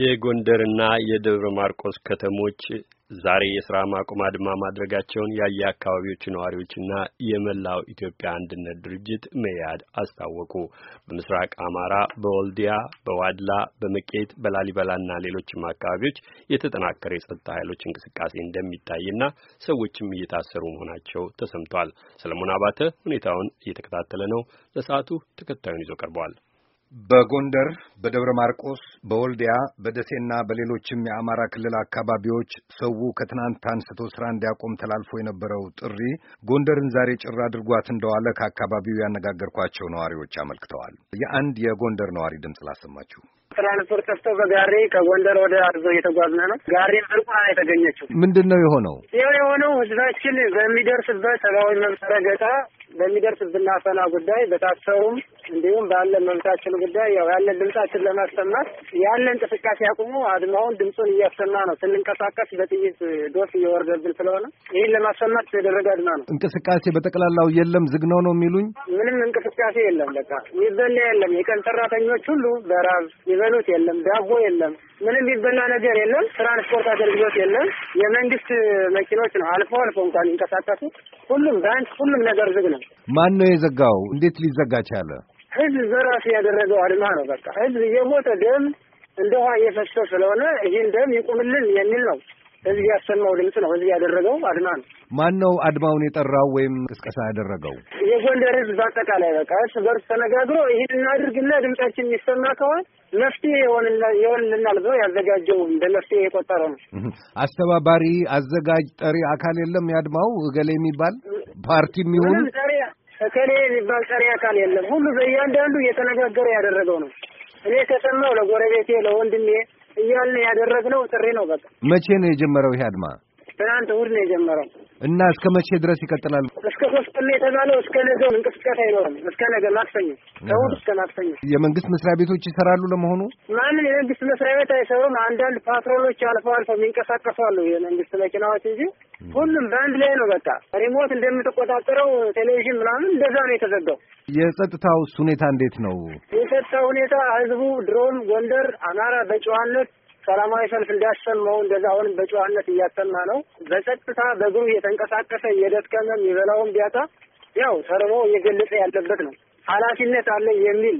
የጎንደርና የደብረ ማርቆስ ከተሞች ዛሬ የስራ ማቆም አድማ ማድረጋቸውን ያየ አካባቢዎቹ ነዋሪዎችና የመላው ኢትዮጵያ አንድነት ድርጅት መያድ አስታወቁ። በምስራቅ አማራ በወልዲያ፣ በዋድላ፣ በመቄት፣ በላሊበላና ሌሎችም አካባቢዎች የተጠናከረ የጸጥታ ኃይሎች እንቅስቃሴ እንደሚታይና ሰዎችም እየታሰሩ መሆናቸው ተሰምቷል። ሰለሞን አባተ ሁኔታውን እየተከታተለ ነው። ለሰዓቱ ተከታዩን ይዞ ቀርበዋል። በጎንደር በደብረ ማርቆስ በወልዲያ በደሴና በሌሎችም የአማራ ክልል አካባቢዎች ሰው ከትናንት አንስቶ ስራ እንዲያቆም ተላልፎ የነበረው ጥሪ ጎንደርን ዛሬ ጭር አድርጓት እንደዋለ ከአካባቢው ያነጋገርኳቸው ነዋሪዎች አመልክተዋል። የአንድ የጎንደር ነዋሪ ድምፅ ላሰማችሁ። ትራንስፖርት ከፍተው በጋሪ ከጎንደር ወደ አርዞ እየተጓዝነ ነው። ጋሪ ብርቁና የተገኘችው ምንድን ነው የሆነው? ይኸው የሆነው ህዝባችን በሚደርስበት ሰብአዊ መብት ረገጣ በሚደርስብን አፈና ጉዳይ በታሰሩም እንዲሁም ባለ መብታችን ጉዳይ ያው ያለን ድምጻችን ለማሰማት ያለ እንቅስቃሴ አቁሙ አድማውን ድምፁን እያሰማ ነው። ስንንቀሳቀስ በጥይት ዶስ እየወረደብን ስለሆነ ይህን ለማሰማት የተደረገ አድማ ነው። እንቅስቃሴ በጠቅላላው የለም፣ ዝግ ነው ነው የሚሉኝ። ምንም እንቅስቃሴ የለም። በቃ የሚበላ የለም። የቀን ሰራተኞች ሁሉ በራብ ይበሉት የለም፣ ዳቦ የለም፣ ምንም የሚበላ ነገር የለም። ትራንስፖርት አገልግሎት የለም። የመንግስት መኪኖች ነው አልፎ አልፎ እንኳን ይንቀሳቀሱ። ሁሉም ባንክ፣ ሁሉም ነገር ዝግ ነው። አይደለም። ማን ነው የዘጋው? እንዴት ሊዘጋ ቻለ? ህዝብ በራሱ ያደረገው አድማ ነው። በቃ ህዝብ የሞተ ደም እንደውሃ እየፈሰ ስለሆነ ይህን ደም ይቁምልን የሚል ነው። ህዝብ ያሰማው ድምፅ ነው። ህዝብ ያደረገው አድማ ነው። ማን ነው አድማውን የጠራው ወይም ቅስቀሳ ያደረገው? የጎንደር ህዝብ በአጠቃላይ በቃ እርስ በርስ ተነጋግሮ ይህን እናድርግና ድምጻችን የሚሰማ ከሆን መፍትሄ የሆንልናል ብሎ ያዘጋጀው እንደ መፍትሄ ነው። አስተባባሪ፣ አዘጋጅ፣ ጠሪ አካል የለም። ያድማው እገሌ የሚባል ፓርቲ የሚሆን እከሌ የሚባል ጠሪ አካል የለም። ሁሉ በእያንዳንዱ እየተነጋገረ ያደረገው ነው። እኔ ከሰማው ለጎረቤቴ ለወንድሜ እያልን ያደረግነው ጥሪ ነው። በቃ መቼ ነው የጀመረው ይሄ አድማ? ትናንት እሑድ ነው የጀመረው። እና እስከ መቼ ድረስ ይቀጥላል? እስከ ሆስፒታል የተባለው እስከ ነገ እንቅስቃሴ አይኖርም። እስከ ነገ ማክሰኞ፣ ከእሑድ እስከ ማክሰኞ። የመንግስት መስሪያ ቤቶች ይሰራሉ። ለመሆኑ ማንም የመንግስት መስሪያ ቤት አይሰሩም። አንዳንድ ፓትሮሎች አልፎ አልፎ የሚንቀሳቀሱ የመንግስት መኪናዎች እንጂ ሁሉም በአንድ ላይ ነው። በቃ ሪሞት እንደምትቆጣጠረው ቴሌቪዥን ምናምን እንደዛ ነው የተዘጋው። የጸጥታው ሁኔታ እንዴት ነው? የጸጥታ ሁኔታ ህዝቡ ድሮም ጎንደር፣ አማራ በጨዋነት ሰላማዊ ሰልፍ እንዲያሰማው እንደዛ አሁንም በጨዋነት እያሰማ ነው። በጸጥታ በእግሩ እየተንቀሳቀሰ እየደከመ የሚበላውን ቢያጣ ያው ተርቦ እየገለጸ ያለበት ነው። ኃላፊነት አለ የሚል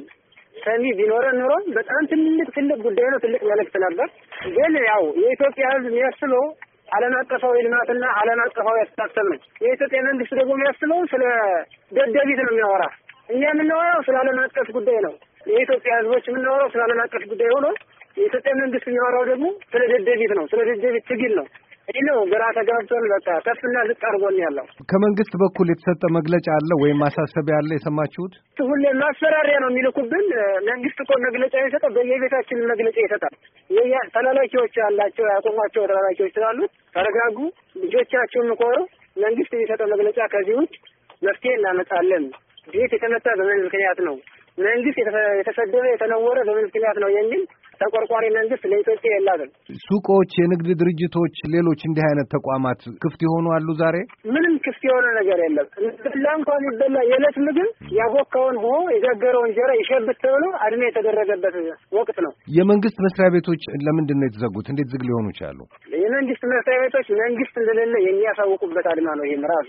ሰሚ ቢኖረን ኑሮ በጣም ትልቅ ትልቅ ጉዳይ ነው። ትልቅ መልእክት ነበር። ግን ያው የኢትዮጵያ ሕዝብ የሚያስበው ዓለም አቀፋዊ ልማትና ዓለም አቀፋዊ አስተሳሰብ ነው። የኢትዮጵያ መንግስት ደግሞ የሚያስበው ስለ ደደቢት ነው የሚያወራ። እኛ የምናወራው ስለ ዓለም አቀፍ ጉዳይ ነው። የኢትዮጵያ ሕዝቦች የምናወራው ስለ ዓለም አቀፍ ጉዳይ ሆኖ የኢትዮጵያ መንግስት የሚመራው ደግሞ ስለ ደደቢት ነው። ስለ ደደቢት ትግል ነው። ይህ ነው ግራ ተጋብቶን በቃ ከፍና ዝቅ አድርጎን ያለው። ከመንግስት በኩል የተሰጠ መግለጫ አለ ወይም ማሳሰቢያ አለ? የሰማችሁት? ሁሌ ማስፈራሪያ ነው የሚልኩብን። መንግስት እኮ መግለጫ የሚሰጠው በየቤታችን መግለጫ ይሰጣል። ተላላኪዎች አላቸው፣ ያቆሟቸው ተላላኪዎች ስላሉት ተረጋጉ፣ ልጆቻችሁን ኮሩ። መንግስት የሚሰጠው መግለጫ ከዚህ ውጭ መፍትሄ እናመጣለን። ቤት የተመታ በምን ምክንያት ነው? መንግስት የተሰደበ የተነወረ በምን ምክንያት ነው? የሚል ተቆርቋሪ መንግስት ለኢትዮጵያ የላትም። ሱቆች፣ የንግድ ድርጅቶች፣ ሌሎች እንዲህ አይነት ተቋማት ክፍት የሆኑ አሉ። ዛሬ ምንም ክፍት የሆነ ነገር የለም። እንደላ እንኳን ይበላ የዕለት ምግብ ያቦካውን ሆ የጋገረው እንጀራ ይሸብት ተብሎ አድሜ የተደረገበት ወቅት ነው። የመንግስት መስሪያ ቤቶች ለምንድን ነው የተዘጉት? እንዴት ዝግ ሊሆኑ ይቻሉ? የመንግስት መስሪያ ቤቶች መንግስት እንደሌለ የሚያሳውቁበት አድማ ነው ይህም ራሱ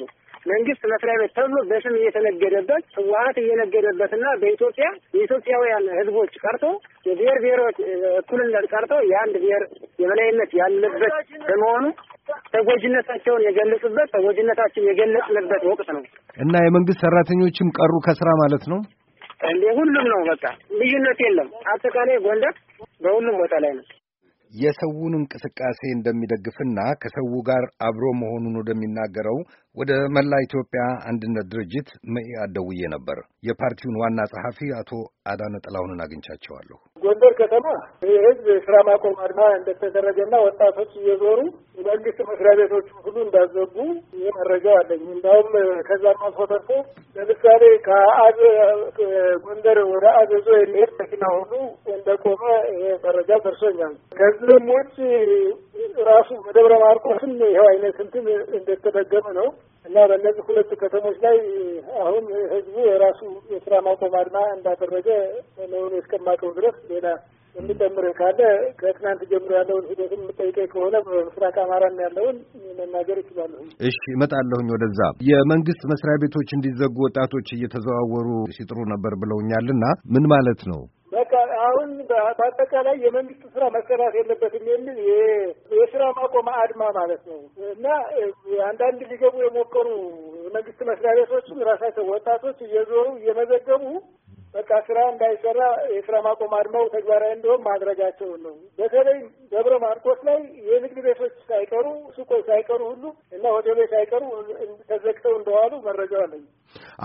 መንግስት መስሪያ ቤት ተብሎ በስም እየተነገደበት ህወሀት እየነገደበትና በኢትዮጵያ የኢትዮጵያውያን ህዝቦች ቀርቶ የብሔር ብሔሮች እኩልነት ቀርቶ የአንድ ብሔር የበላይነት ያለበት በመሆኑ ተጎጂነታቸውን የገለጹበት ተጎጂነታችን የገለጽንበት ወቅት ነው እና የመንግስት ሰራተኞችም ቀሩ ከስራ ማለት ነው። እንዴ ሁሉም ነው በቃ ልዩነት የለም። አጠቃላይ ጎንደር በሁሉም ቦታ ላይ ነው። የሰውን እንቅስቃሴ እንደሚደግፍና ከሰው ጋር አብሮ መሆኑን ወደሚናገረው ወደ መላ ኢትዮጵያ አንድነት ድርጅት መኢአድ ደውዬ ነበር። የፓርቲውን ዋና ጸሐፊ አቶ አዳነ ጥላሁንን አግኝቻቸዋለሁ። ጎንደር ከተማ የህዝብ ስራ ማቆም አድማ እንደተደረገና ወጣቶች እየዞሩ የመንግስት መስሪያ ቤቶቹ ሁሉ እንዳዘጉ ይህ መረጃ አለኝ። እንዲሁም ከዛም አልፎ ተርፎ ለምሳሌ ከአዘ ጎንደር ወደ አዘዞ የሚሄድ መኪና ሁሉ እንደቆመ ይሄ መረጃ ደርሶኛል። ከዚህም ውጭ ራሱ በደብረ ማርቆስም ይኸው አይነት እንትን እንደተደገመ ነው። እና በእነዚህ ሁለቱ ከተሞች ላይ አሁን ህዝቡ የራሱ የስራ ማቆም አድማ እንዳደረገ ነውን እስከማውቀው ድረስ ሌላ የሚጨምርህ ካለ ከትናንት ጀምሮ ያለውን ሂደት የምጠይቀ ከሆነ በምስራቅ አማራም ያለውን መናገር ይችላለሁ። እሺ እመጣለሁኝ ወደዛ። የመንግስት መስሪያ ቤቶች እንዲዘጉ ወጣቶች እየተዘዋወሩ ሲጥሩ ነበር ብለውኛልና ምን ማለት ነው? አሁን በአጠቃላይ የመንግስት ስራ መሰራት የለበትም የሚል የስራ ማቆም አድማ ማለት ነው እና አንዳንድ ሊገቡ የሞከሩ መንግስት መስሪያ ቤቶችም ራሳቸው ወጣቶች እየዞሩ እየመዘገቡ በቃ ስራ እንዳይሰራ የስራ ማቆም አድማው ተግባራዊ እንዲሆን ማድረጋቸውን ነው። በተለይ ደብረ ማርቆስ ላይ የንግድ ቤቶች ሳይቀሩ ሱቆች ሳይቀሩ ሁሉ እና ሆቴሎች ሳይቀሩ ተዘግተው እንደዋሉ መረጃው አለኝ።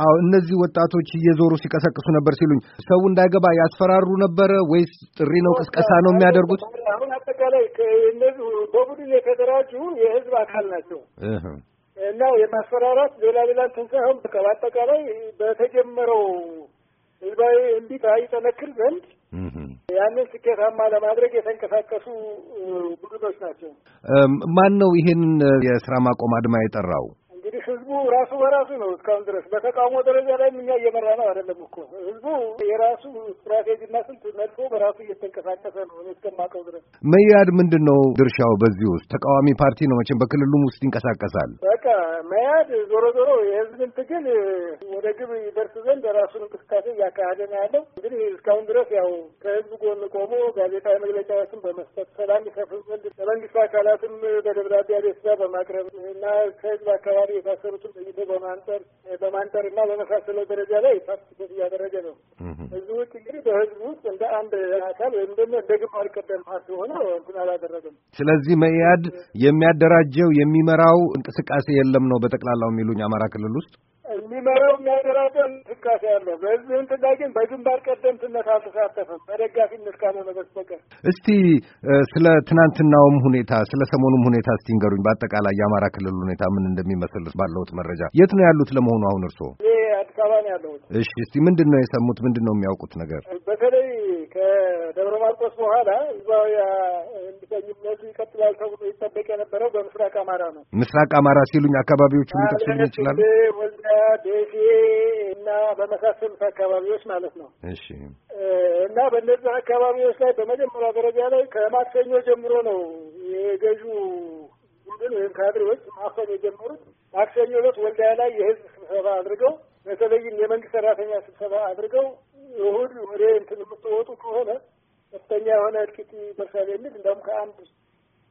አዎ እነዚህ ወጣቶች እየዞሩ ሲቀሰቅሱ ነበር ሲሉኝ፣ ሰው እንዳይገባ ያስፈራሩ ነበረ ወይስ ጥሪ ነው ቅስቀሳ ነው የሚያደርጉት? አሁን አጠቃላይ እነዚህ በቡድን የተደራጁ የህዝብ አካል ናቸው እና የማስፈራራት ሌላ ሌላ እንትን በቃ በአጠቃላይ በተጀመረው ህዝባዊ እንቢታ ይጠነክር ዘንድ ያንን ስኬታማ ለማድረግ የተንቀሳቀሱ ቡድኖች ናቸው። ማን ነው ይሄንን የስራ ማቆም አድማ የጠራው? ህዝቡ ራሱ በራሱ ነው። እስካሁን ድረስ በተቃውሞ ደረጃ ላይ እኛ እየመራ ነው አይደለም እኮ ህዝቡ የራሱ ስትራቴጂና ስንት ነድፎ በራሱ እየተንቀሳቀሰ ነው እስከማውቀው ድረስ። መያድ ምንድን ነው ድርሻው በዚህ ውስጥ? ተቃዋሚ ፓርቲ ነው መቼም በክልሉም ውስጥ ይንቀሳቀሳል። በቃ መያድ ዞሮ ዞሮ የህዝብን ትግል ወደ ግብ ይደርስ ዘንድ ራሱን እንቅስቃሴ እያካሄደ ነው ያለው። እንግዲህ እስካሁን ድረስ ያው ከህዝብ ጎን ቆሞ ጋዜጣዊ መግለጫዎችን በመስጠት ሰላም ይሰፍን ዘንድ ለመንግስት አካላትም በደብዳቤ ቤተሰብ በማቅረብ እና ከህዝብ አካባቢ የታሰሩ ነገሮችን ጠይቆ በማንጠር በማንጠር እና በመሳሰለው ደረጃ ላይ ፓርቲሲፔት እያደረገ ነው። እዚህ ውጭ እንግዲህ በህዝብ ውስጥ እንደ አንድ አካል ወይም ደግሞ እንደ ግንባር ቀደም ፓርቲ ሆነ እንትን አላደረገም። ስለዚህ መያድ የሚያደራጀው የሚመራው እንቅስቃሴ የለም ነው በጠቅላላው የሚሉኝ አማራ ክልል ውስጥ የሚመራው የሚያደራደር እንቅስቃሴ ያለው በዚህም እንቅስቃሴ ግን በግንባር ቀደምትነት አልተሳተፈም በደጋፊነት ካልሆነ በስተቀር። እስቲ ስለ ትናንትናውም ሁኔታ ስለ ሰሞኑም ሁኔታ እስቲ ንገሩኝ። በአጠቃላይ የአማራ ክልል ሁኔታ ምን እንደሚመስል ባለሁት መረጃ የት ነው ያሉት ለመሆኑ አሁን እርስዎ? ይሄ አዲስ አበባ ነው ያለሁት። እሺ፣ እስቲ ምንድን ነው የሰሙት? ምንድን ነው የሚያውቁት ነገር? ከደብረ ማርቆስ በኋላ እዛው እንድተኝነቱ ይቀጥላል ተብሎ ይጠበቅ የነበረው በምስራቅ አማራ ነው። ምስራቅ አማራ ሲሉኝ አካባቢዎች ሊጠ ይችላሉ? ወልዲያ፣ ደሴ እና በመሳሰሉት አካባቢዎች ማለት ነው። እሺ እና በእነዚህ አካባቢዎች ላይ በመጀመሪያ ደረጃ ላይ ከማክሰኞ ጀምሮ ነው የገዢው ቡድን ወይም ካድሬዎች ማክሰኞ የጀመሩት። ማክሰኞ ዕለት ወልዲያ ላይ የህዝብ ስብሰባ አድርገው በተለይም የመንግስት ሰራተኛ ስብሰባ አድርገው እሁድ ወደ እንትን የምትወጡ ከሆነ ከፍተኛ የሆነ እልቂት ይደርሳል የሚል እንደውም ከአንድ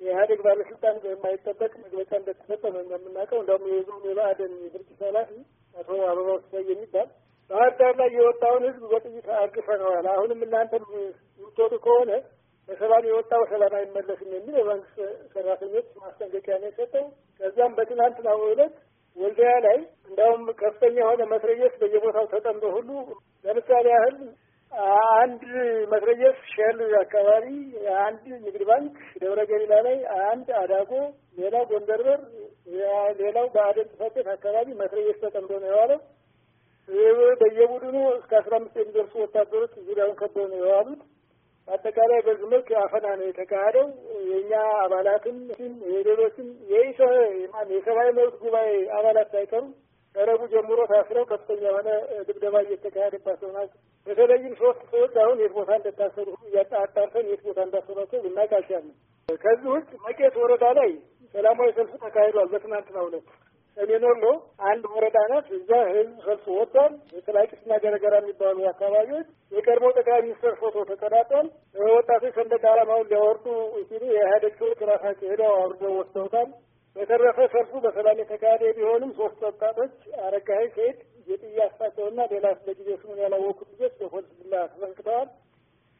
የኢህአዴግ ባለስልጣን የማይጠበቅ መግለጫ እንደተሰጠ ነው እንደምናውቀው። እንደውም የዞን የብአዴን ድርጅት ኃላፊ አቶ አበባው ስፋይ የሚባል ባህር ዳር ላይ የወጣውን ህዝብ በጥይት አርግፈነዋል፣ አሁንም እናንተ የምትወጡ ከሆነ በሰላም የወጣው ሰላም አይመለስም የሚል የመንግስት ሰራተኞች ማስጠንቀቂያ ነው የሰጠው። ከዚያም በትናንትናው ዕለት ወልዲያ ላይ እንዲያውም ከፍተኛ የሆነ መትረየስ በየቦታው ተጠምዶ ሁሉ ለምሳሌ ያህል አንድ መትረየስ ሼል አካባቢ፣ አንድ ንግድ ባንክ ደብረ ገሊላ ላይ፣ አንድ አዳጎ፣ ሌላው ጎንደር በር፣ ሌላው በአደን ጽሕፈት ቤት አካባቢ መትረየስ ተጠምዶ ነው የዋለው። በየቡድኑ እስከ አስራ አምስት የሚደርሱ ወታደሮች ዙሪያውን ከበው ነው የዋሉት። በአጠቃላይ በዚህ መልክ አፈና ነው የተካሄደው። የእኛ አባላትም የሌሎችም የሰብአዊ መብት ጉባኤ አባላት ሳይቀሩ ከረቡ ጀምሮ ታስረው ከፍተኛ የሆነ ድብደባ እየተካሄደባቸው ናቸው። በተለይም ሶስት ሰዎች አሁን የት ቦታ እንደታሰሩ አጣርተን የት ቦታ እንዳሰሯቸው ልናውቅ አልቻልንም። ከዚህ ውጭ መቄት ወረዳ ላይ ሰላማዊ ሰልፍ ተካሂዷል በትናንትናው ዕለት። ሰሜን ወሎ አንድ ወረዳ ናት። እዛ ህዝብ ሰልፍ ወጥቷል። የቀላቂትና ገረገራ የሚባሉ አካባቢዎች የቀድሞ ጠቅላይ ሚኒስትር ፎቶ ተቀዳጧል። ወጣቶች ሰንደቅ ዓላማውን ሊያወርዱ ሲሉ የኢህአዴግ ሰዎች ራሳቸው ሄደው አውርዶ ወስደውታል። በተረፈ ሰልፉ በሰላም የተካሄደ ቢሆንም ሶስት ወጣቶች አረጋዊ ሴት የጥያ አስታቸውና ሌላ ስለጊዜ ስሙን ያላወቁት ልጆች በፖሊስ ዱላ ተሰንክተዋል።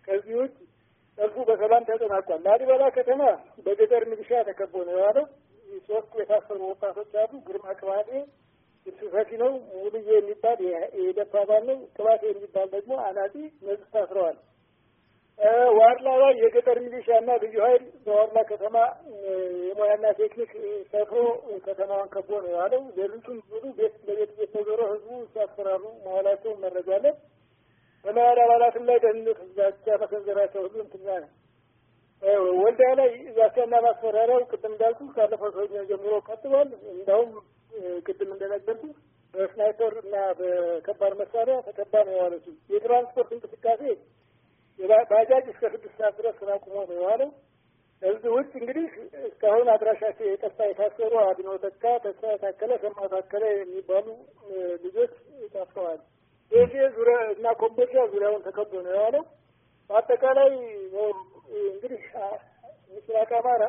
ከዚህ ውጭ ሰልፉ በሰላም ተጠናቋል። ላሊበላ ከተማ የሚባለው ቅባት የሚባል ደግሞ አናጢ ነጽ ታስረዋል። ዋርላ ላይ የገጠር ሚሊሻ ሚሊሻና ልዩ ኃይል በዋርላ ከተማ የሙያና ቴክኒክ ሰፍሮ ከተማዋን ከቦ ነው ያለው። ሌሊቱን ሙሉ ቤት ለቤት እየተዞረ ህዝቡ ሲያስፈራሩ መዋላቸውን መረጃ አለን። በመያድ አባላትም ላይ ደህንነት ዛቻ መሰንዘራቸው ሁሉ እንትና ነው። ወልዲያ ላይ ዛቻና ማስፈራሪያው ቅድም እንዳልኩ ካለፈው ሰኞ ጀምሮ ቀጥሏል። እንዳውም ቅድም እንደነገርኩ በስናይፐር እና በከባድ መሳሪያ ተከባ ነው የዋለችው። የትራንስፖርት እንቅስቃሴ ባጃጅ እስከ ስድስት ሰዓት ድረስ ስራ ቁሞ ነው የዋለው። እዚህ ውጭ እንግዲህ እስካሁን አድራሻቸው የጠፋ የታሰሩ አድኖ ተካ፣ ተስፋ ታከለ፣ ሰማ ታከለ የሚባሉ ልጆች ጠፍተዋል። ይህ ዙሪያ እና ኮምቦልቻ ዙሪያውን ተከቦ ነው የዋለው። በአጠቃላይ እንግዲህ ምስራቅ አማራ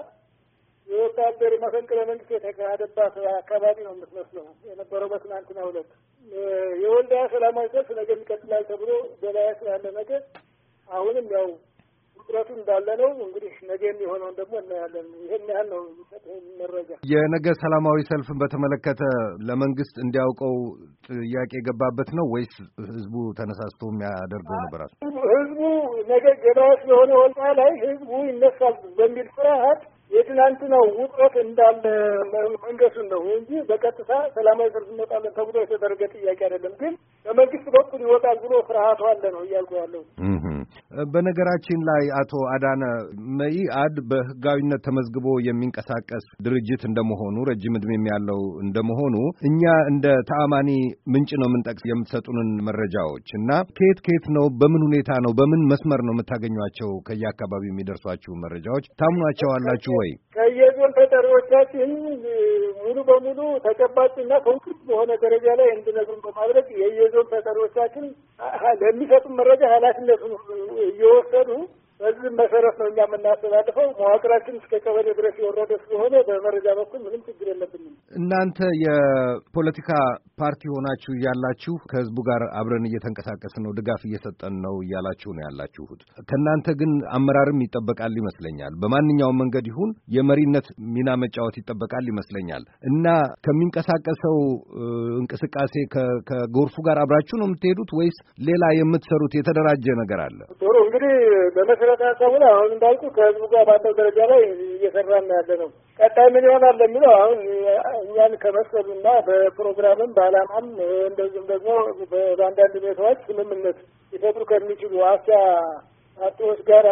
የወታደር መፈንቅለ መንግስት የተካሄደባት አካባቢ ነው የምትመስለው የነበረው በትናንትና ሁለት የወልዳ ሰላማዊ ሰልፍ ነገ ይቀጥላል ተብሎ ገበያ ስላለ ነገ አሁንም ያው ውጥረቱ እንዳለ ነው። እንግዲህ ነገ የሚሆነውን ደግሞ እናያለን። ይህን ያህል ነው መረጃ። የነገ ሰላማዊ ሰልፍን በተመለከተ ለመንግስት እንዲያውቀው ጥያቄ የገባበት ነው ወይስ ህዝቡ ተነሳስቶ የሚያደርገው ነው? በራሱ ህዝቡ ነገ ገበያ ስለሆነ ወልዳ ላይ ህዝቡ ይነሳል በሚል ፍርሃት የትናንት ነው ውጥረት እንዳለ መንገሱን ነው እንጂ በቀጥታ ሰላማዊ ሰልፍ እንወጣለን ተብሎ የተደረገ ጥያቄ አይደለም። ግን በመንግስት በኩል ይወጣል ብሎ ፍርሃቱ አለ ነው እያልኩ ያለው። በነገራችን ላይ አቶ አዳነ መኢአድ በህጋዊነት ተመዝግቦ የሚንቀሳቀስ ድርጅት እንደመሆኑ ረጅም ዕድሜም ያለው እንደመሆኑ እኛ እንደ ተአማኒ ምንጭ ነው የምንጠቅስ የምትሰጡንን መረጃዎች እና ከየት ከየት ነው በምን ሁኔታ ነው በምን መስመር ነው የምታገኟቸው ከየአካባቢው የሚደርሷችሁ መረጃዎች ታምኗቸዋላችሁ? ሆይ ከየዞን ተጠሪዎቻችን ሙሉ በሙሉ ተጨባጭና ኮንክሪት በሆነ ደረጃ ላይ እንድነግሩን በማድረግ የየዞን ተጠሪዎቻችን ለሚሰጡ መረጃ ኃላፊነቱን እየወሰዱ በዚህም መሰረት ነው እኛ የምናስተላልፈው። መዋቅራችን እስከ ቀበሌ ድረስ የወረደ ስለሆነ በመረጃ በኩል ምንም ችግር የለብንም። እናንተ የፖለቲካ ፓርቲ ሆናችሁ እያላችሁ ከህዝቡ ጋር አብረን እየተንቀሳቀስን ነው፣ ድጋፍ እየሰጠን ነው እያላችሁ ነው ያላችሁት። ከእናንተ ግን አመራርም ይጠበቃል ይመስለኛል። በማንኛውም መንገድ ይሁን የመሪነት ሚና መጫወት ይጠበቃል ይመስለኛል እና ከሚንቀሳቀሰው እንቅስቃሴ ከጎርፉ ጋር አብራችሁ ነው የምትሄዱት ወይስ ሌላ የምትሰሩት የተደራጀ ነገር አለ? ጥሩ እንግዲህ ህብረተሰቡን አሁን እንዳልኩ ከህዝቡ ጋር ባለው ደረጃ ላይ እየሰራን ያለ ነው። ቀጣይ ምን ይሆናል ለሚለው አሁን እኛን ከመሰሉና በፕሮግራምም በዓላማም እንደዚሁም ደግሞ በአንዳንድ ሁኔታዎች ስምምነት ሊፈጥሩ ከሚችሉ አቻ አጥዎች ጋራ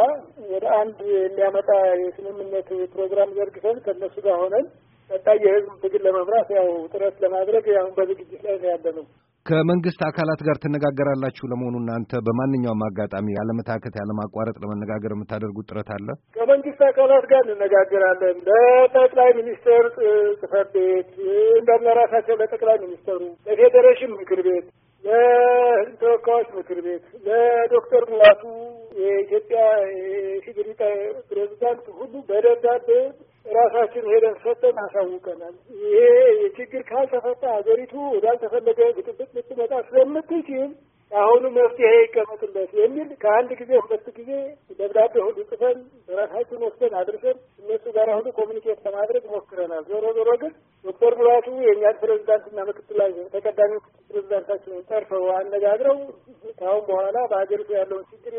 ወደ አንድ የሚያመጣ የስምምነት ፕሮግራም ዘርግተን ከእነሱ ጋር ሆነን ቀጣይ የህዝብ ትግል ለመምራት ያው ጥረት ለማድረግ ያሁን በዝግጅት ላይ ነው ያለ ነው። ከመንግስት አካላት ጋር ትነጋገራላችሁ? ለመሆኑ እናንተ በማንኛውም አጋጣሚ ያለመታከት፣ ያለማቋረጥ ለመነጋገር የምታደርጉት ጥረት አለ? ከመንግስት አካላት ጋር እንነጋገራለን። ለጠቅላይ ሚኒስትር ጽህፈት ቤት እንደውም ለራሳቸው ለጠቅላይ ሚኒስትሩ፣ ለፌዴሬሽን ምክር ቤት፣ ለህዝብ ተወካዮች ምክር ቤት፣ ለዶክተር ሙላቱ የኢትዮጵያ የሲቪል ፕሬዚዳንት ሁሉ በደብዳቤ ራሳችን ሄደን ሰጠን አሳውቀናል። ይሄ የችግር ካልተፈታ ሀገሪቱ ወዳልተፈለገ ግጥብጥ ልትመጣ ስለምትችል አሁኑ መፍትሄ ይቀመጥለት የሚል ከአንድ ጊዜ ሁለት ጊዜ ደብዳቤ ሁሉ ጽፈን በራሳችን ወስደን አድርሰን እነሱ ጋር ሁሉ ኮሚኒኬት ለማድረግ ሞክረናል። ዞሮ ዞሮ ግን ዶክተር ሙላቱ የእኛን ፕሬዚዳንትና ምክትል ተቀዳሚ ምክትል ፕሬዚዳንታችንን ጠርፈው አነጋግረው ከአሁን በኋላ በሀገሪቱ ያለውን ችግር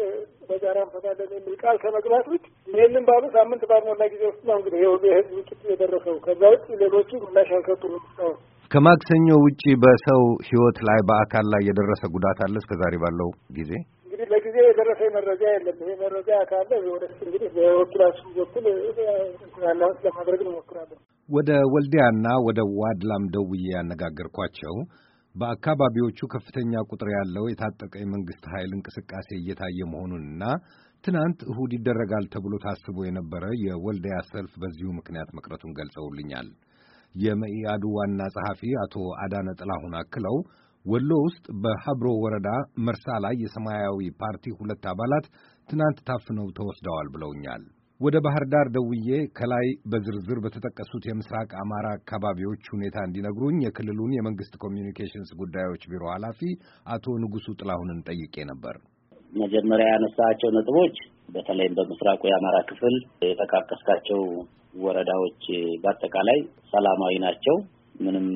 በጋራ እንፈታለን የሚል ቃል ከመግባት ውጭ ይህንም ባሉ ሳምንት ባልሞላ ጊዜ ውስጥ ነው እንግዲህ ይኸው የህዝብ ውጭት የደረሰው። ከዛ ውጭ ሌሎቹ ምላሽ አልሰጡም ከማክሰኞ ውጭ በሰው ህይወት ላይ በአካል ላይ የደረሰ ጉዳት አለ እስከ ዛሬ ባለው ጊዜ? እንግዲህ ለጊዜ የደረሰ መረጃ የለም። ይሄ መረጃ ካለ ወደፊት እንግዲህ በወኪላችን በኩል ለማድረግ እንሞክራለን። ወደ ወልዲያና ወደ ዋድላም ደውዬ ያነጋገርኳቸው በአካባቢዎቹ ከፍተኛ ቁጥር ያለው የታጠቀ የመንግሥት ኃይል እንቅስቃሴ እየታየ መሆኑንና ትናንት እሁድ ይደረጋል ተብሎ ታስቦ የነበረ የወልዲያ ሰልፍ በዚሁ ምክንያት መቅረቱን ገልጸውልኛል። የመኢአዱ ዋና ጸሐፊ አቶ አዳነ ጥላሁን አክለው ወሎ ውስጥ በሀብሮ ወረዳ መርሳ ላይ የሰማያዊ ፓርቲ ሁለት አባላት ትናንት ታፍነው ተወስደዋል ብለውኛል። ወደ ባህር ዳር ደውዬ ከላይ በዝርዝር በተጠቀሱት የምስራቅ አማራ አካባቢዎች ሁኔታ እንዲነግሩኝ የክልሉን የመንግስት ኮሚዩኒኬሽንስ ጉዳዮች ቢሮ ኃላፊ አቶ ንጉሱ ጥላሁንን ጠይቄ ነበር። መጀመሪያ ያነሳቸው ነጥቦች በተለይም በምስራቁ የአማራ ክፍል የጠቃቀስካቸው ወረዳዎች በአጠቃላይ ሰላማዊ ናቸው። ምንም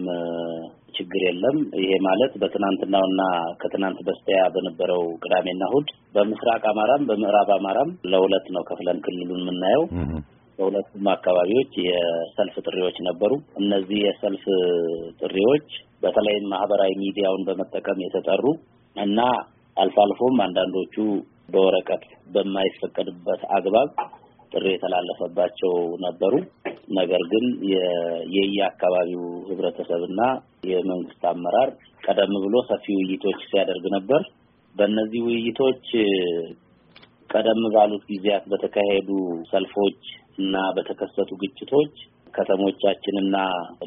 ችግር የለም። ይሄ ማለት በትናንትናውና ከትናንት በስቲያ በነበረው ቅዳሜና ሁድ በምስራቅ አማራም በምዕራብ አማራም ለሁለት ነው ከፍለን ክልሉን የምናየው። በሁለቱም አካባቢዎች የሰልፍ ጥሪዎች ነበሩ። እነዚህ የሰልፍ ጥሪዎች በተለይም ማህበራዊ ሚዲያውን በመጠቀም የተጠሩ እና አልፎ አልፎም አንዳንዶቹ በወረቀት በማይፈቀድበት አግባብ ጥሪ የተላለፈባቸው ነበሩ። ነገር ግን የየአካባቢው ህብረተሰብና የመንግስት አመራር ቀደም ብሎ ሰፊ ውይይቶች ሲያደርግ ነበር። በእነዚህ ውይይቶች ቀደም ባሉት ጊዜያት በተካሄዱ ሰልፎች እና በተከሰቱ ግጭቶች ከተሞቻችንና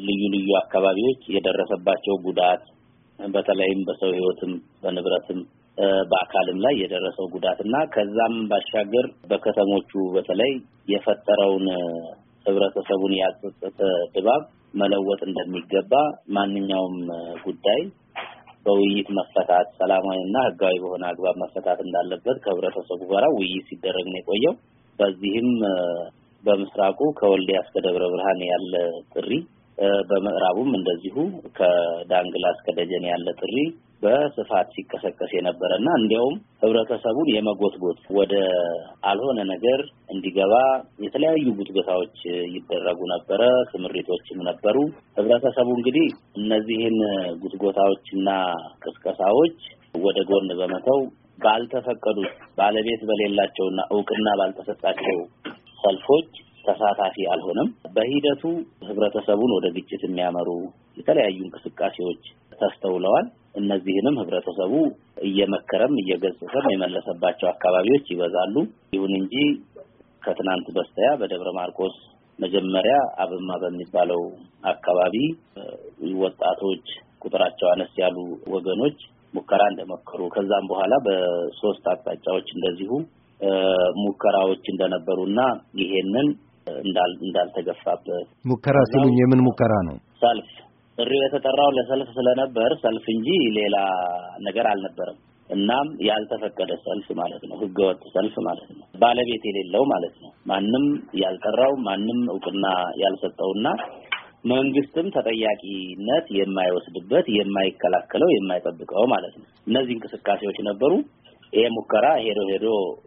ልዩ ልዩ አካባቢዎች የደረሰባቸው ጉዳት በተለይም በሰው ህይወትም በንብረትም በአካልም ላይ የደረሰው ጉዳት እና ከዛም ባሻገር በከተሞቹ በተለይ የፈጠረውን ህብረተሰቡን ያጸጸተ ድባብ መለወጥ እንደሚገባ ማንኛውም ጉዳይ በውይይት መፈታት ሰላማዊ ና ህጋዊ በሆነ አግባብ መፈታት እንዳለበት ከህብረተሰቡ ጋር ውይይት ሲደረግ ነው የቆየው። በዚህም በምስራቁ ከወልዲያ እስከ ደብረ ብርሃን ያለ ጥሪ፣ በምዕራቡም እንደዚሁ ከዳንግላ እስከ ደጀን ያለ ጥሪ በስፋት ሲቀሰቀስ የነበረ እና እንዲያውም ህብረተሰቡን የመጎትጎት ወደ አልሆነ ነገር እንዲገባ የተለያዩ ጉትጎታዎች ይደረጉ ነበረ። ስምሪቶችም ነበሩ። ህብረተሰቡ እንግዲህ እነዚህን ጉትጎታዎችና ቅስቀሳዎች ወደ ጎን በመተው ባልተፈቀዱት ባለቤት በሌላቸውና እውቅና ባልተሰጣቸው ሰልፎች ተሳታፊ አልሆነም። በሂደቱ ህብረተሰቡን ወደ ግጭት የሚያመሩ የተለያዩ እንቅስቃሴዎች ተስተውለዋል። እነዚህንም ህብረተሰቡ እየመከረም እየገሰሰም የመለሰባቸው አካባቢዎች ይበዛሉ። ይሁን እንጂ ከትናንት በስተያ በደብረ ማርቆስ መጀመሪያ አብማ በሚባለው አካባቢ ወጣቶች ቁጥራቸው አነስ ያሉ ወገኖች ሙከራ እንደመከሩ ከዛም በኋላ በሶስት አቅጣጫዎች እንደዚሁ ሙከራዎች እንደነበሩና ይሄንን እንዳልተገፋበት ሙከራ ሲሉኝ የምን ሙከራ ነው? ሰልፍ ጥሪው የተጠራው ለሰልፍ ስለነበር ሰልፍ እንጂ ሌላ ነገር አልነበረም። እናም ያልተፈቀደ ሰልፍ ማለት ነው፣ ህገወጥ ሰልፍ ማለት ነው፣ ባለቤት የሌለው ማለት ነው። ማንም ያልጠራው ማንም እውቅና ያልሰጠውና መንግስትም ተጠያቂነት የማይወስድበት የማይከላከለው የማይጠብቀው ማለት ነው። እነዚህ እንቅስቃሴዎች ነበሩ። ይሄ ሙከራ ሄዶ ሄዶ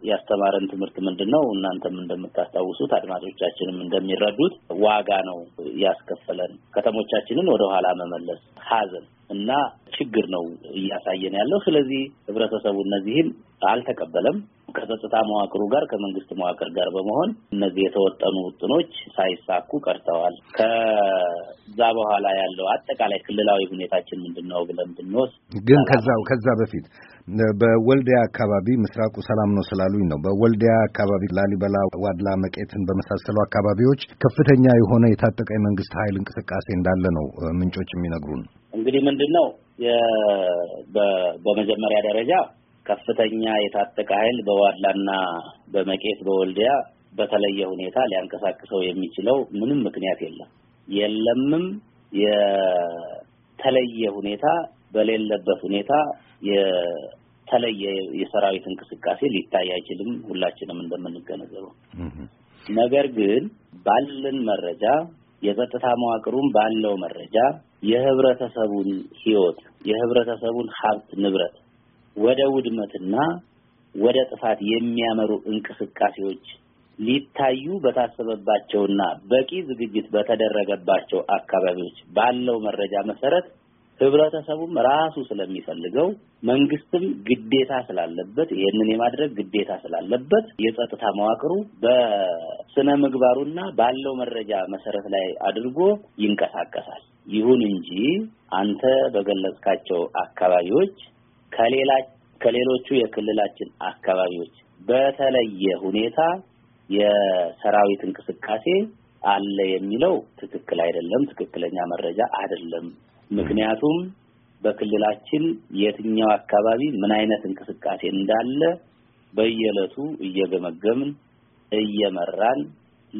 ያስተማረን ትምህርት ምንድን ነው? እናንተም እንደምታስታውሱት አድማጮቻችንም እንደሚረዱት ዋጋ ነው ያስከፈለን። ከተሞቻችንን ወደ ኋላ መመለስ ሀዘን እና ችግር ነው እያሳየን ያለው። ስለዚህ ህብረተሰቡ እነዚህን አልተቀበለም። ከጸጥታ መዋቅሩ ጋር ከመንግስት መዋቅር ጋር በመሆን እነዚህ የተወጠኑ ውጥኖች ሳይሳኩ ቀርተዋል። ከዛ በኋላ ያለው አጠቃላይ ክልላዊ ሁኔታችን ምንድን ነው ብለን ብንወስድ ግን ከዛው ከዛ በፊት በወልዲያ አካባቢ ምስራቁ ሰላም ነው ስላሉኝ ነው። በወልዲያ አካባቢ ላሊበላ፣ ዋድላ፣ መቄትን በመሳሰሉ አካባቢዎች ከፍተኛ የሆነ የታጠቀ የመንግስት ኃይል እንቅስቃሴ እንዳለ ነው ምንጮች የሚነግሩን። እንግዲህ ምንድን ነው በመጀመሪያ ደረጃ ከፍተኛ የታጠቀ ኃይል በዋላና በመቄት በወልዲያ በተለየ ሁኔታ ሊያንቀሳቅሰው የሚችለው ምንም ምክንያት የለም የለምም የተለየ ሁኔታ በሌለበት ሁኔታ የተለየ የሰራዊት እንቅስቃሴ ሊታይ አይችልም። ሁላችንም እንደምንገነዘበው። ነገር ግን ባለን መረጃ የጸጥታ መዋቅሩን ባለው መረጃ የህብረተሰቡን ህይወት፣ የህብረተሰቡን ሀብት ንብረት ወደ ውድመትና ወደ ጥፋት የሚያመሩ እንቅስቃሴዎች ሊታዩ በታሰበባቸውና በቂ ዝግጅት በተደረገባቸው አካባቢዎች ባለው መረጃ መሰረት ህብረተሰቡም ራሱ ስለሚፈልገው መንግስትም ግዴታ ስላለበት ይህንን የማድረግ ግዴታ ስላለበት የጸጥታ መዋቅሩ በስነ ምግባሩና ባለው መረጃ መሰረት ላይ አድርጎ ይንቀሳቀሳል። ይሁን እንጂ አንተ በገለጽካቸው አካባቢዎች ከሌላ ከሌሎቹ የክልላችን አካባቢዎች በተለየ ሁኔታ የሰራዊት እንቅስቃሴ አለ የሚለው ትክክል አይደለም፣ ትክክለኛ መረጃ አይደለም። ምክንያቱም በክልላችን የትኛው አካባቢ ምን አይነት እንቅስቃሴ እንዳለ በየዕለቱ እየገመገምን እየመራን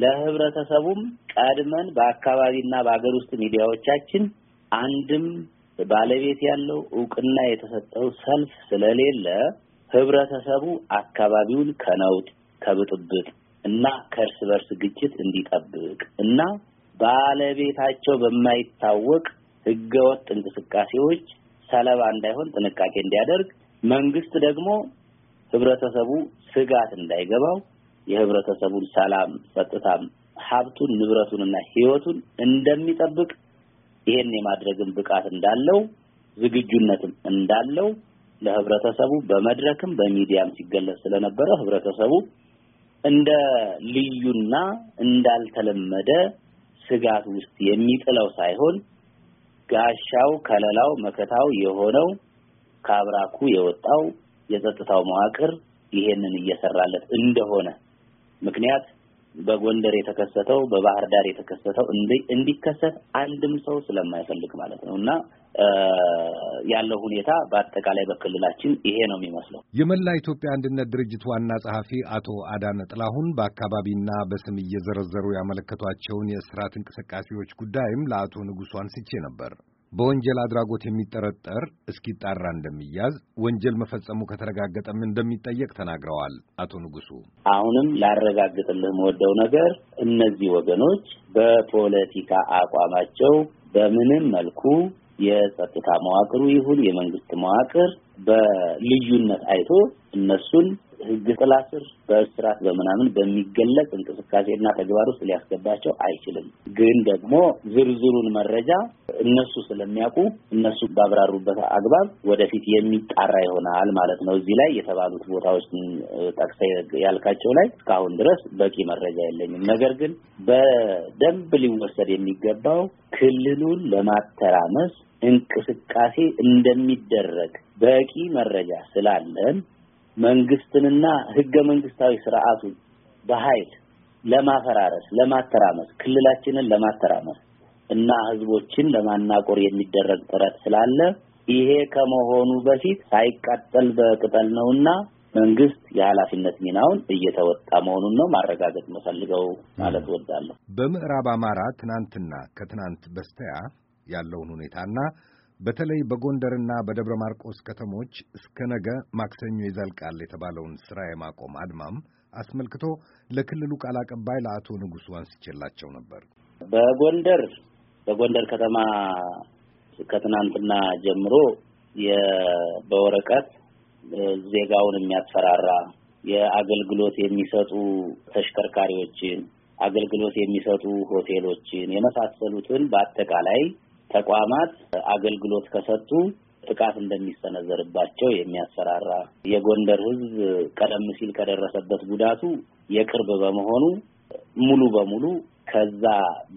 ለህብረተሰቡም ቀድመን በአካባቢና በአገር ውስጥ ሚዲያዎቻችን አንድም ባለቤት ያለው እውቅና የተሰጠው ሰልፍ ስለሌለ ህብረተሰቡ አካባቢውን ከነውጥ ከብጥብጥ እና ከእርስ በርስ ግጭት እንዲጠብቅ እና ባለቤታቸው በማይታወቅ ህገወጥ እንቅስቃሴዎች ሰለባ እንዳይሆን ጥንቃቄ እንዲያደርግ፣ መንግስት ደግሞ ህብረተሰቡ ስጋት እንዳይገባው የህብረተሰቡን ሰላም፣ ጸጥታም፣ ሀብቱን፣ ንብረቱንና ህይወቱን እንደሚጠብቅ ይሄን የማድረግም ብቃት እንዳለው ዝግጁነትም እንዳለው ለህብረተሰቡ በመድረክም በሚዲያም ሲገለጽ ስለነበረ ህብረተሰቡ እንደ ልዩና እንዳልተለመደ ስጋት ውስጥ የሚጥለው ሳይሆን ጋሻው ከለላው መከታው የሆነው ከአብራኩ የወጣው የጸጥታው መዋቅር ይሄንን እየሰራለት እንደሆነ ምክንያት በጎንደር የተከሰተው በባህር ዳር የተከሰተው እንዲከሰት አንድም ሰው ስለማይፈልግ ማለት ነው እና ያለው ሁኔታ በአጠቃላይ በክልላችን ይሄ ነው የሚመስለው። የመላ ኢትዮጵያ አንድነት ድርጅት ዋና ጸሐፊ አቶ አዳነ ጥላሁን በአካባቢና በስም እየዘረዘሩ ያመለከቷቸውን የእስራት እንቅስቃሴዎች ጉዳይም ለአቶ ንጉሱ አንስቼ ነበር። በወንጀል አድራጎት የሚጠረጠር እስኪጣራ እንደሚያዝ፣ ወንጀል መፈጸሙ ከተረጋገጠም እንደሚጠየቅ ተናግረዋል። አቶ ንጉሱ አሁንም ላረጋግጥልህ የምወደው ነገር እነዚህ ወገኖች በፖለቲካ አቋማቸው በምንም መልኩ የጸጥታ መዋቅሩ ይሁን የመንግስት መዋቅር በልዩነት አይቶ እነሱን ህግ ጥላ ስር በእስራት በምናምን በሚገለጽ እንቅስቃሴና ተግባር ውስጥ ሊያስገባቸው አይችልም። ግን ደግሞ ዝርዝሩን መረጃ እነሱ ስለሚያውቁ እነሱ ባብራሩበት አግባብ ወደፊት የሚጣራ ይሆናል ማለት ነው። እዚህ ላይ የተባሉት ቦታዎች ጠቅሰ ያልካቸው ላይ እስካሁን ድረስ በቂ መረጃ የለኝም። ነገር ግን በደንብ ሊወሰድ የሚገባው ክልሉን ለማተራመስ እንቅስቃሴ እንደሚደረግ በቂ መረጃ ስላለን መንግስትንና ህገ መንግስታዊ ስርዓቱን በኃይል ለማፈራረስ፣ ለማተራመስ፣ ክልላችንን ለማተራመስ እና ህዝቦችን ለማናቆር የሚደረግ ጥረት ስላለ ይሄ ከመሆኑ በፊት ሳይቃጠል በቅጠል ነውና መንግስት የኃላፊነት ሚናውን እየተወጣ መሆኑን ነው ማረጋገጥ መፈልገው ማለት እወዳለሁ። በምዕራብ አማራ ትናንትና ከትናንት በስተያ ያለውን ሁኔታና በተለይ በጎንደርና በደብረ ማርቆስ ከተሞች እስከ ነገ ማክሰኞ ይዘልቃል የተባለውን ሥራ የማቆም አድማም አስመልክቶ ለክልሉ ቃል አቀባይ ለአቶ ንጉሱ አንስቼላቸው ነበር። በጎንደር በጎንደር ከተማ ከትናንትና ጀምሮ በወረቀት ዜጋውን የሚያስፈራራ የአገልግሎት የሚሰጡ ተሽከርካሪዎችን፣ አገልግሎት የሚሰጡ ሆቴሎችን የመሳሰሉትን በአጠቃላይ ተቋማት አገልግሎት ከሰጡ ጥቃት እንደሚሰነዘርባቸው የሚያሰራራ የጎንደር ሕዝብ ቀደም ሲል ከደረሰበት ጉዳቱ የቅርብ በመሆኑ ሙሉ በሙሉ ከዛ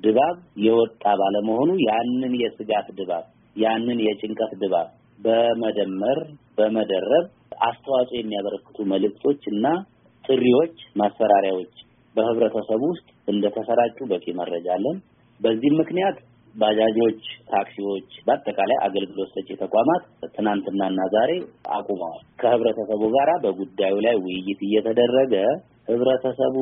ድባብ የወጣ ባለመሆኑ ያንን የስጋት ድባብ ያንን የጭንቀት ድባብ በመደመር በመደረብ አስተዋጽኦ የሚያበረክቱ መልእክቶች እና ጥሪዎች፣ ማሰራሪያዎች በህብረተሰቡ ውስጥ እንደተሰራጩ በቂ መረጃ አለን። በዚህም ምክንያት ባጃጆች፣ ታክሲዎች፣ በአጠቃላይ አገልግሎት ሰጪ ተቋማት ትናንትናና ዛሬ አቁመዋል። ከህብረተሰቡ ጋር በጉዳዩ ላይ ውይይት እየተደረገ ህብረተሰቡ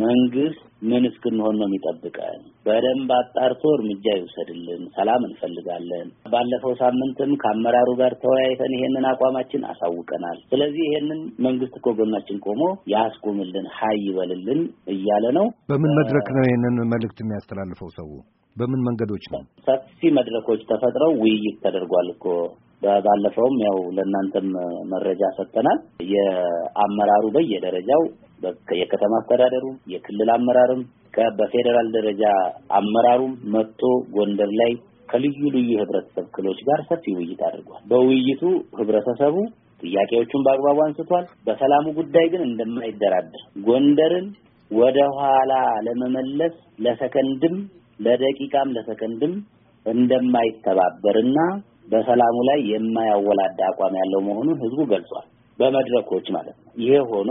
መንግስት ምን እስክንሆን ነው የሚጠብቀን? በደንብ አጣርቶ እርምጃ ይውሰድልን። ሰላም እንፈልጋለን። ባለፈው ሳምንትም ከአመራሩ ጋር ተወያይተን ይሄንን አቋማችን አሳውቀናል። ስለዚህ ይሄንን መንግስት እኮ ጎናችን ቆሞ ያስቁምልን፣ ሀይ ይበልልን እያለ ነው። በምን መድረክ ነው ይሄንን መልእክት የሚያስተላልፈው ሰው በምን መንገዶች ነው? ሰፊ መድረኮች ተፈጥረው ውይይት ተደርጓል እኮ ባለፈውም ያው ለእናንተም መረጃ ሰጥተናል። የአመራሩ በየደረጃው የከተማ አስተዳደሩም የክልል አመራርም በፌዴራል ደረጃ አመራሩም መጥቶ ጎንደር ላይ ከልዩ ልዩ ህብረተሰብ ክሎች ጋር ሰፊ ውይይት አድርጓል። በውይይቱ ህብረተሰቡ ጥያቄዎቹን በአግባቡ አንስቷል። በሰላሙ ጉዳይ ግን እንደማይደራደር ጎንደርን ወደ ኋላ ለመመለስ ለሰከንድም ለደቂቃም ለሰከንድም እንደማይተባበርና በሰላሙ ላይ የማያወላዳ አቋም ያለው መሆኑን ህዝቡ ገልጿል። በመድረኮች ማለት ነው። ይሄ ሆኖ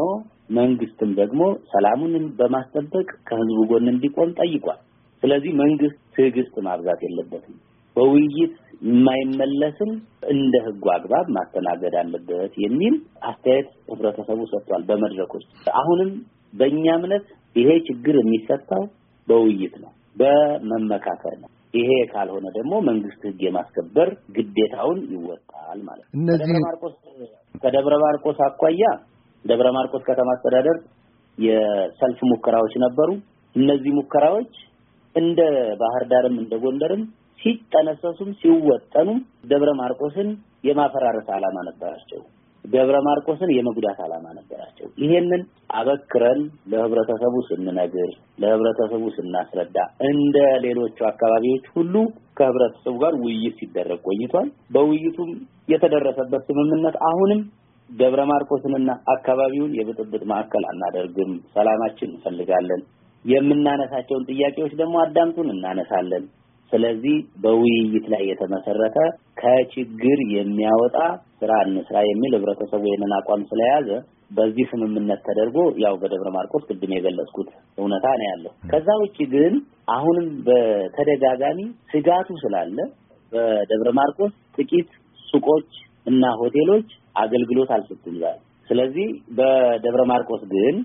መንግስትም ደግሞ ሰላሙን በማስጠበቅ ከህዝቡ ጎን እንዲቆም ጠይቋል። ስለዚህ መንግስት ትዕግስት ማብዛት የለበትም። በውይይት የማይመለስም እንደ ህጉ አግባብ ማስተናገድ አለበት የሚል አስተያየት ህብረተሰቡ ሰጥቷል። በመድረኮች አሁንም በእኛ እምነት ይሄ ችግር የሚፈታው በውይይት ነው። በመመካከር ነው። ይሄ ካልሆነ ደግሞ መንግስት ህግ የማስከበር ግዴታውን ይወጣል ማለት ነው። እነዚህ ማርቆስ ከደብረ ማርቆስ አኳያ ደብረ ማርቆስ ከተማ አስተዳደር የሰልፍ ሙከራዎች ነበሩ። እነዚህ ሙከራዎች እንደ ባህር ዳርም እንደ ጎንደርም ሲጠነሰሱም ሲወጠኑም ደብረ ማርቆስን የማፈራረስ ዓላማ ነበራቸው። ገብረ ማርቆስን የመጉዳት ዓላማ ነበራቸው። ይሄንን አበክረን ለህብረተሰቡ ስንነግር፣ ለህብረተሰቡ ስናስረዳ እንደ ሌሎቹ አካባቢዎች ሁሉ ከህብረተሰቡ ጋር ውይይት ሲደረግ ቆይቷል። በውይይቱም የተደረሰበት ስምምነት አሁንም ደብረ ማርቆስንና አካባቢውን የብጥብጥ ማዕከል አናደርግም፣ ሰላማችን እንፈልጋለን፣ የምናነሳቸውን ጥያቄዎች ደግሞ አዳምጡን፣ እናነሳለን ስለዚህ በውይይት ላይ የተመሰረተ ከችግር የሚያወጣ ስራ እንስራ የሚል ህብረተሰቡ ይህንን አቋም ስለያዘ በዚህ ስምምነት ተደርጎ ያው በደብረ ማርቆስ ቅድም የገለጽኩት እውነታ ነው ያለው። ከዛ ውጭ ግን አሁንም በተደጋጋሚ ስጋቱ ስላለ በደብረ ማርቆስ ጥቂት ሱቆች እና ሆቴሎች አገልግሎት አልሰጡም ዛሬ። ስለዚህ በደብረ ማርቆስ ግን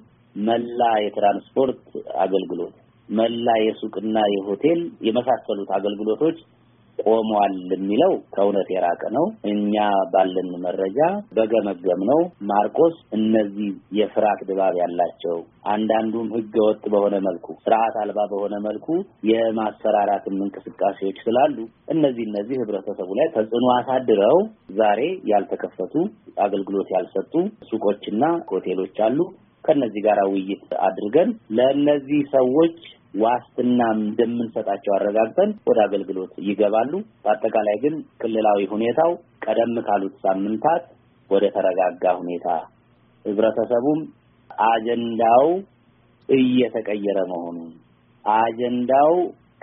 መላ የትራንስፖርት አገልግሎት መላ የሱቅና የሆቴል የመሳሰሉት አገልግሎቶች ቆሟል የሚለው ከእውነት የራቀ ነው። እኛ ባለን መረጃ በገመገም ነው ማርቆስ እነዚህ የፍርሃት ድባብ ያላቸው አንዳንዱም ህገ ወጥ በሆነ መልኩ ስርዓት አልባ በሆነ መልኩ የማሰራራትም እንቅስቃሴዎች ስላሉ እነዚህ እነዚህ ህብረተሰቡ ላይ ተጽዕኖ አሳድረው ዛሬ ያልተከፈቱ አገልግሎት ያልሰጡ ሱቆችና ሆቴሎች አሉ። ከእነዚህ ጋር ውይይት አድርገን ለእነዚህ ሰዎች ዋስትና እንደምንሰጣቸው አረጋግጠን ወደ አገልግሎት ይገባሉ። በአጠቃላይ ግን ክልላዊ ሁኔታው ቀደም ካሉት ሳምንታት ወደ ተረጋጋ ሁኔታ ህብረተሰቡም አጀንዳው እየተቀየረ መሆኑን አጀንዳው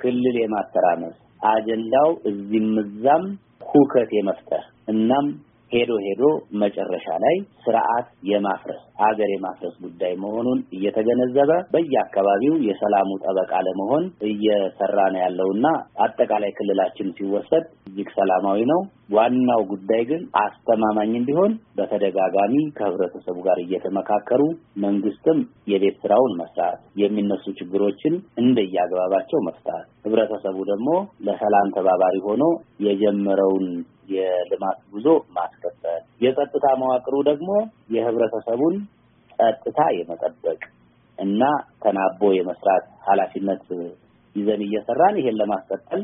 ክልል የማተራመስ አጀንዳው እዚህም እዛም ሁከት የመፍጠር እናም ሄዶ ሄዶ መጨረሻ ላይ ስርዓት የማፍረስ አገር የማፍረስ ጉዳይ መሆኑን እየተገነዘበ በየአካባቢው የሰላሙ ጠበቃ ለመሆን እየሰራ ነው ያለውና አጠቃላይ ክልላችን ሲወሰድ እጅግ ሰላማዊ ነው። ዋናው ጉዳይ ግን አስተማማኝ እንዲሆን በተደጋጋሚ ከህብረተሰቡ ጋር እየተመካከሩ መንግስትም የቤት ስራውን መስራት፣ የሚነሱ ችግሮችን እንደየአግባባቸው መፍታት፣ ህብረተሰቡ ደግሞ ለሰላም ተባባሪ ሆኖ የጀመረውን የልማት ጉዞ ማስቀጠል፣ የጸጥታ መዋቅሩ ደግሞ የህብረተሰቡን ጸጥታ የመጠበቅ እና ተናቦ የመስራት ኃላፊነት ይዘን እየሰራን ይሄን ለማስቀጠል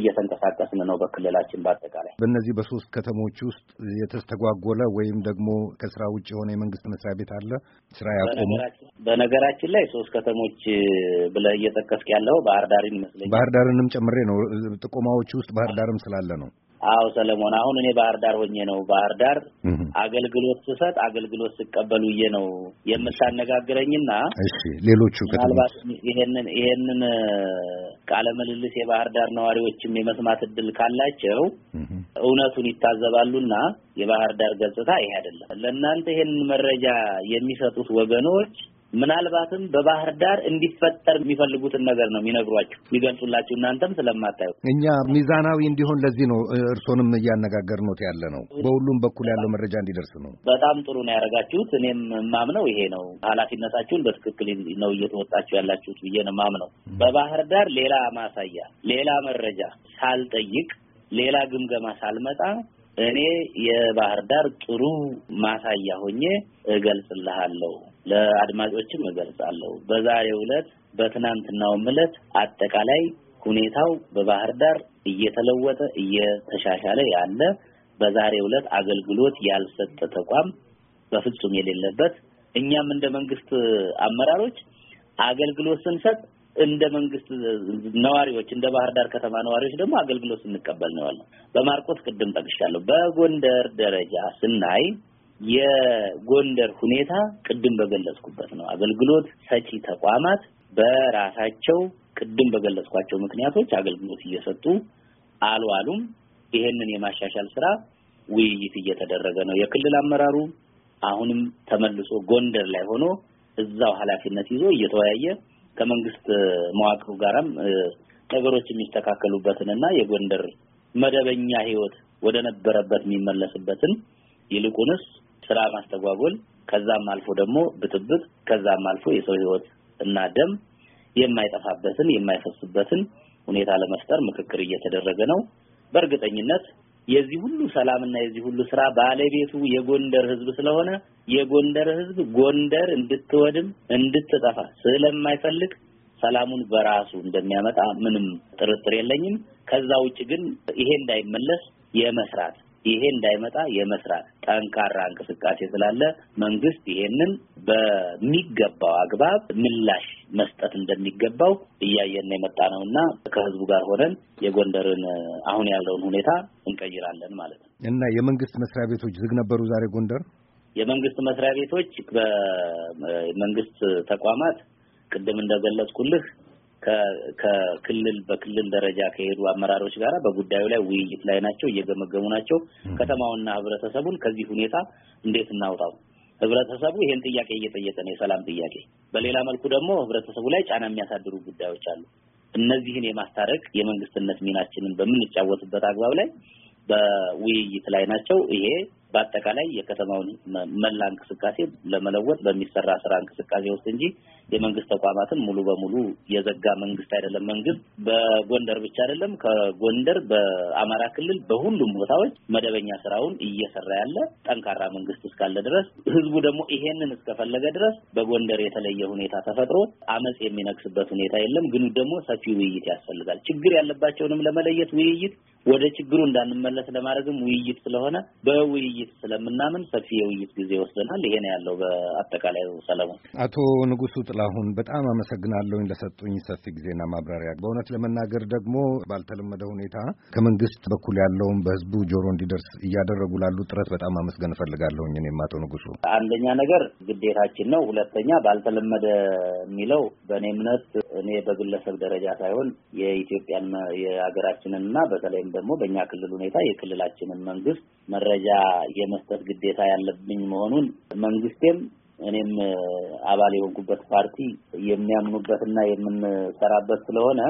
እየተንቀሳቀስን ነው። በክልላችን በአጠቃላይ በእነዚህ በሶስት ከተሞች ውስጥ የተስተጓጎለ ወይም ደግሞ ከስራ ውጭ የሆነ የመንግስት መስሪያ ቤት አለ ስራ ያቆሙ። በነገራችን ላይ ሶስት ከተሞች ብለህ እየጠቀስክ ያለው ባህር ዳርን ይመስለኛል። ባህር ዳርንም ጨምሬ ነው ጥቆማዎች ውስጥ ባህር ዳርም ስላለ ነው። አዎ ሰለሞን፣ አሁን እኔ ባህር ዳር ሆኜ ነው። ባህር ዳር አገልግሎት ስሰጥ አገልግሎት ስቀበል ዬ ነው የምታነጋግረኝና እሺ፣ ሌሎቹ ምናልባት ይሄንን ይሄንን ቃለ ምልልስ የባህር ዳር ነዋሪዎችም የመስማት እድል ካላቸው እውነቱን ይታዘባሉና የባህር ዳር ገጽታ ይሄ አይደለም። ለእናንተ ይሄንን መረጃ የሚሰጡት ወገኖች ምናልባትም በባህር ዳር እንዲፈጠር የሚፈልጉትን ነገር ነው የሚነግሯችሁ የሚገልጹላችሁ፣ እናንተም ስለማታዩ እኛ ሚዛናዊ እንዲሆን ለዚህ ነው እርሶንም እያነጋገርኖት ያለ ነው። በሁሉም በኩል ያለው መረጃ እንዲደርስ ነው። በጣም ጥሩ ነው ያደረጋችሁት። እኔም ማምነው ይሄ ነው። ኃላፊነታችሁን በትክክል ነው እየተወጣችሁ ያላችሁት ብዬ ነው ማምነው። በባህር ዳር ሌላ ማሳያ፣ ሌላ መረጃ ሳልጠይቅ፣ ሌላ ግምገማ ሳልመጣ እኔ የባህር ዳር ጥሩ ማሳያ ሆኜ እገልጽልሃለሁ። ለአድማጮችም እገልጻለሁ። በዛሬው ዕለት በትናንትናውም ዕለት አጠቃላይ ሁኔታው በባህር ዳር እየተለወጠ እየተሻሻለ ያለ በዛሬው ዕለት አገልግሎት ያልሰጠ ተቋም በፍጹም የሌለበት እኛም እንደ መንግስት አመራሮች አገልግሎት ስንሰጥ እንደ መንግስት ነዋሪዎች እንደ ባህር ዳር ከተማ ነዋሪዎች ደግሞ አገልግሎት ስንቀበል ነው ያለው። በማርቆት ቅድም ጠቅሻለሁ። በጎንደር ደረጃ ስናይ የጎንደር ሁኔታ ቅድም በገለጽኩበት ነው። አገልግሎት ሰጪ ተቋማት በራሳቸው ቅድም በገለጽኳቸው ምክንያቶች አገልግሎት እየሰጡ አልዋሉም። ይሄንን የማሻሻል ስራ ውይይት እየተደረገ ነው። የክልል አመራሩ አሁንም ተመልሶ ጎንደር ላይ ሆኖ እዛው ኃላፊነት ይዞ እየተወያየ ከመንግስት መዋቅሩ ጋራም ነገሮች ና የጎንደር መደበኛ ህይወት ወደ ነበረበት የሚመለስበትን ይልቁንስ ስራ ማስተጓጎል፣ ከዛም አልፎ ደግሞ ብጥብጥ፣ ከዛም አልፎ የሰው ህይወት እና ደም የማይጠፋበትን የማይፈስበትን ሁኔታ ለመፍጠር ምክክር እየተደረገ ነው። በእርግጠኝነት የዚህ ሁሉ ሰላምና የዚህ ሁሉ ስራ ባለቤቱ የጎንደር ህዝብ ስለሆነ የጎንደር ህዝብ ጎንደር እንድትወድም እንድትጠፋ ስለማይፈልግ ሰላሙን በራሱ እንደሚያመጣ ምንም ጥርጥር የለኝም። ከዛ ውጭ ግን ይሄ እንዳይመለስ የመስራት ይሄ እንዳይመጣ የመስራት ጠንካራ እንቅስቃሴ ስላለ መንግስት ይሄንን በሚገባው አግባብ ምላሽ መስጠት እንደሚገባው እያየን የመጣ ነው እና ከህዝቡ ጋር ሆነን የጎንደርን አሁን ያለውን ሁኔታ እንቀይራለን ማለት ነው እና የመንግስት መስሪያ ቤቶች ዝግ ነበሩ ዛሬ ጎንደር። የመንግስት መስሪያ ቤቶች በመንግስት ተቋማት ቅድም እንደገለጽኩልህ ከክልል በክልል ደረጃ ከሄዱ አመራሮች ጋር በጉዳዩ ላይ ውይይት ላይ ናቸው፣ እየገመገሙ ናቸው። ከተማውና ህብረተሰቡን ከዚህ ሁኔታ እንዴት እናውጣው? ህብረተሰቡ ይሄን ጥያቄ እየጠየቀ ነው፣ የሰላም ጥያቄ። በሌላ መልኩ ደግሞ ህብረተሰቡ ላይ ጫና የሚያሳድሩ ጉዳዮች አሉ። እነዚህን የማስታረቅ የመንግስትነት ሚናችንን በምንጫወትበት አግባብ ላይ በውይይት ላይ ናቸው። ይሄ በአጠቃላይ የከተማውን መላ እንቅስቃሴ ለመለወጥ በሚሰራ ስራ እንቅስቃሴ ውስጥ እንጂ የመንግስት ተቋማትን ሙሉ በሙሉ የዘጋ መንግስት አይደለም። መንግስት በጎንደር ብቻ አይደለም፣ ከጎንደር በአማራ ክልል በሁሉም ቦታዎች መደበኛ ስራውን እየሰራ ያለ ጠንካራ መንግስት እስካለ ድረስ ህዝቡ ደግሞ ይሄንን እስከፈለገ ድረስ በጎንደር የተለየ ሁኔታ ተፈጥሮ አመፅ የሚነግስበት ሁኔታ የለም። ግን ደግሞ ሰፊ ውይይት ያስፈልጋል። ችግር ያለባቸውንም ለመለየት ውይይት ወደ ችግሩ እንዳንመለስ ለማድረግም ውይይት ስለሆነ በውይይት ስለምናምን ሰፊ የውይይት ጊዜ ወስደናል። ይሄ ነው ያለው በአጠቃላይ ሰለሞን። አቶ ንጉሱ ጥላሁን በጣም አመሰግናለሁኝ ለሰጡኝ ሰፊ ጊዜና ማብራሪያ። በእውነት ለመናገር ደግሞ ባልተለመደ ሁኔታ ከመንግስት በኩል ያለውን በህዝቡ ጆሮ እንዲደርስ እያደረጉ ላሉ ጥረት በጣም አመስገን እፈልጋለሁኝ። እኔም አቶ ንጉሱ አንደኛ ነገር ግዴታችን ነው፣ ሁለተኛ ባልተለመደ የሚለው በእኔ እምነት እኔ በግለሰብ ደረጃ ሳይሆን የኢትዮጵያን የሀገራችንንና በተለይም ደግሞ በእኛ ክልል ሁኔታ የክልላችንን መንግስት መረጃ የመስጠት ግዴታ ያለብኝ መሆኑን መንግስቴም እኔም አባል የሆንኩበት ፓርቲ የሚያምኑበትና የምንሰራበት ስለሆነ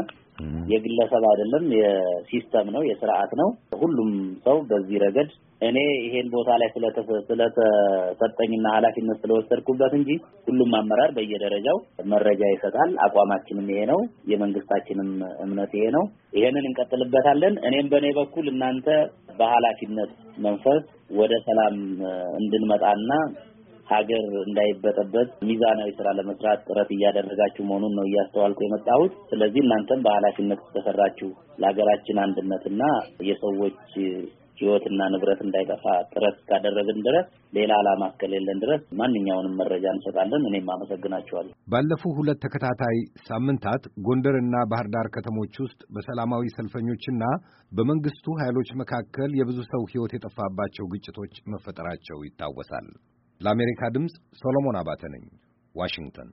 የግለሰብ አይደለም፣ የሲስተም ነው፣ የስርዓት ነው። ሁሉም ሰው በዚህ ረገድ እኔ ይሄን ቦታ ላይ ስለተሰጠኝና ኃላፊነት ስለወሰድኩበት እንጂ ሁሉም አመራር በየደረጃው መረጃ ይሰጣል። አቋማችንም ይሄ ነው፣ የመንግስታችንም እምነት ይሄ ነው። ይሄንን እንቀጥልበታለን። እኔም በእኔ በኩል እናንተ በኃላፊነት መንፈስ ወደ ሰላም እንድንመጣና ሀገር እንዳይበጠበት ሚዛናዊ ስራ ለመስራት ጥረት እያደረጋችሁ መሆኑን ነው እያስተዋልኩ የመጣሁት። ስለዚህ እናንተም በኃላፊነት ተሰራችሁ ለሀገራችን አንድነትና የሰዎች ህይወትና ንብረት እንዳይጠፋ ጥረት እስካደረግን ድረስ ሌላ ዓላማ እስከሌለን ድረስ ማንኛውንም መረጃ እንሰጣለን። እኔም አመሰግናቸዋለሁ። ባለፉ ሁለት ተከታታይ ሳምንታት ጎንደርና ባህር ዳር ከተሞች ውስጥ በሰላማዊ ሰልፈኞችና በመንግስቱ ኃይሎች መካከል የብዙ ሰው ህይወት የጠፋባቸው ግጭቶች መፈጠራቸው ይታወሳል። ለአሜሪካ ድምፅ ሶሎሞን አባተ ነኝ፣ ዋሽንግተን